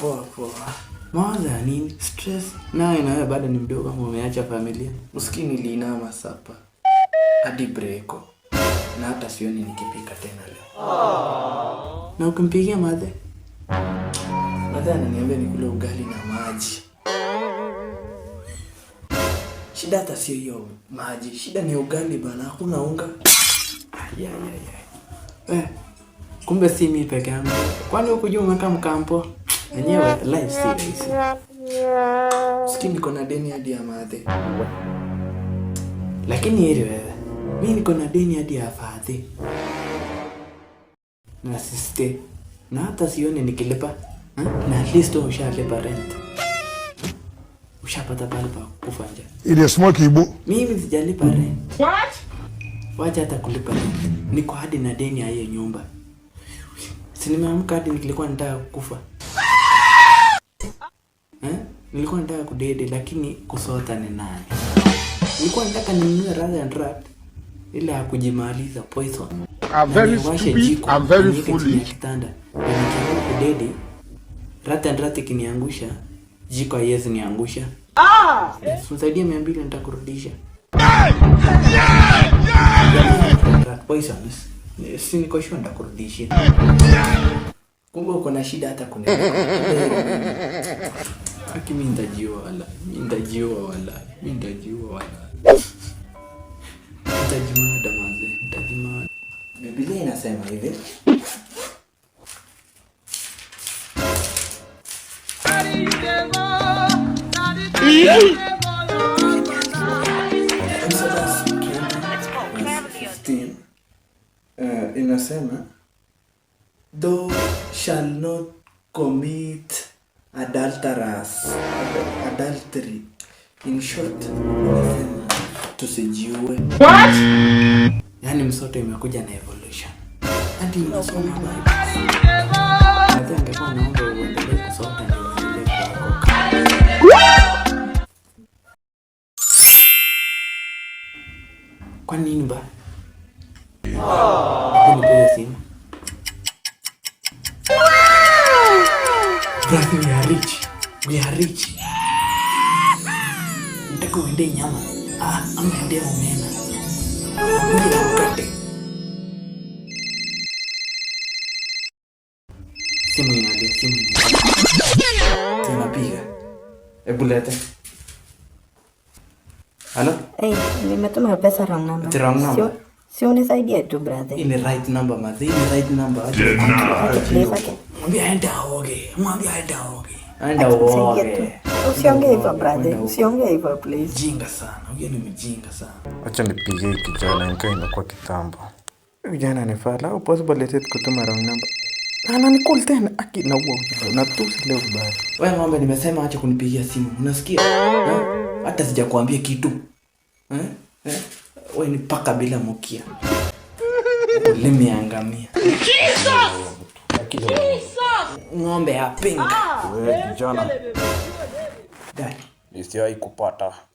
poa hapo. Mwanza ni stress nayo na wewe bado ni mdogo ama umeacha familia. Maskini liinama sapa. Hadi breko. Na hata sioni nikipika tena leo. Na ukimpigia madhe? Madhe ananiambia nikule ugali na maji. Shida hata sio hiyo maji. Shida ni ugali bana, hakuna unga. Ya ya ya. Eh. Kumbe si mimi peke yangu. Kwani huku juu umekaa mkampo? Enyewe life si rahisi. Siki niko na deni hadi ya madhe, lakini heri wewe, mi niko na deni hadi ya fadhi na siste, na hata sione nikilipa hmm? na at least ushalipa rent, ushapata pale pa kufanja ile small kibu. Mimi sijalipa rent. What? Wacha hata kulipa rent, niko hadi na deni ya hiyo nyumba, si nimeamka hadi nikilikuwa nataka kufa nilikuwa nataka kudede lakini kusota ni nani? Nilikuwa nataka ninunue and rat ila ya kujimaliza poison. kudede and rat ikiniangusha jiko niangusha. nitakurudisha. Si Kumbe uko na shida hata Aki mi ndajiwa wala. mi ndajiwa wala. mi ndajiwa wala. Nitajimada maze, nitajimada. Biblia inasema hivi. Uh, inasema thou shall not commit adulterers, adultery. In short, nasema tusijiue. What? Yani msoto imekuja na evolution. Hadi unasoma kwa nini ba? Oh rich. We are rich. Nataka uende nyama. Ah, ama uende omena. Mungu na mkate. Simu inalia, simu inalia. Tunapiga. Hebu leta. Halo? Eh, hey, nimetuma pesa wrong number. Wrong number. Si, si unisaidia tu brother. Ile right number, mazi. Ile right number. Aje. Aje mwambia aende aoge. mwambia aende aoge. Aende aoge. Usiongee hivyo brother. Usiongee hivyo please. Jinga sana. Huyo ni mjinga sana. Acha nipigie kijana nikae inakuwa kitambo. Vijana ni fala. au Possible let it kutuma wrong number. ni Ananicool tena aki na na tusi leo baya. Wewe ng'ombe, nimesema acha kunipigia simu. Unasikia? Eh? Hata sijakwambia kitu. Eh? Eh? Wewe ni paka bila mkia. Limeangamia. Jesus! kidogo. Ng'ombe ya pink. Ah, wewe kijana. nisiwahi kupata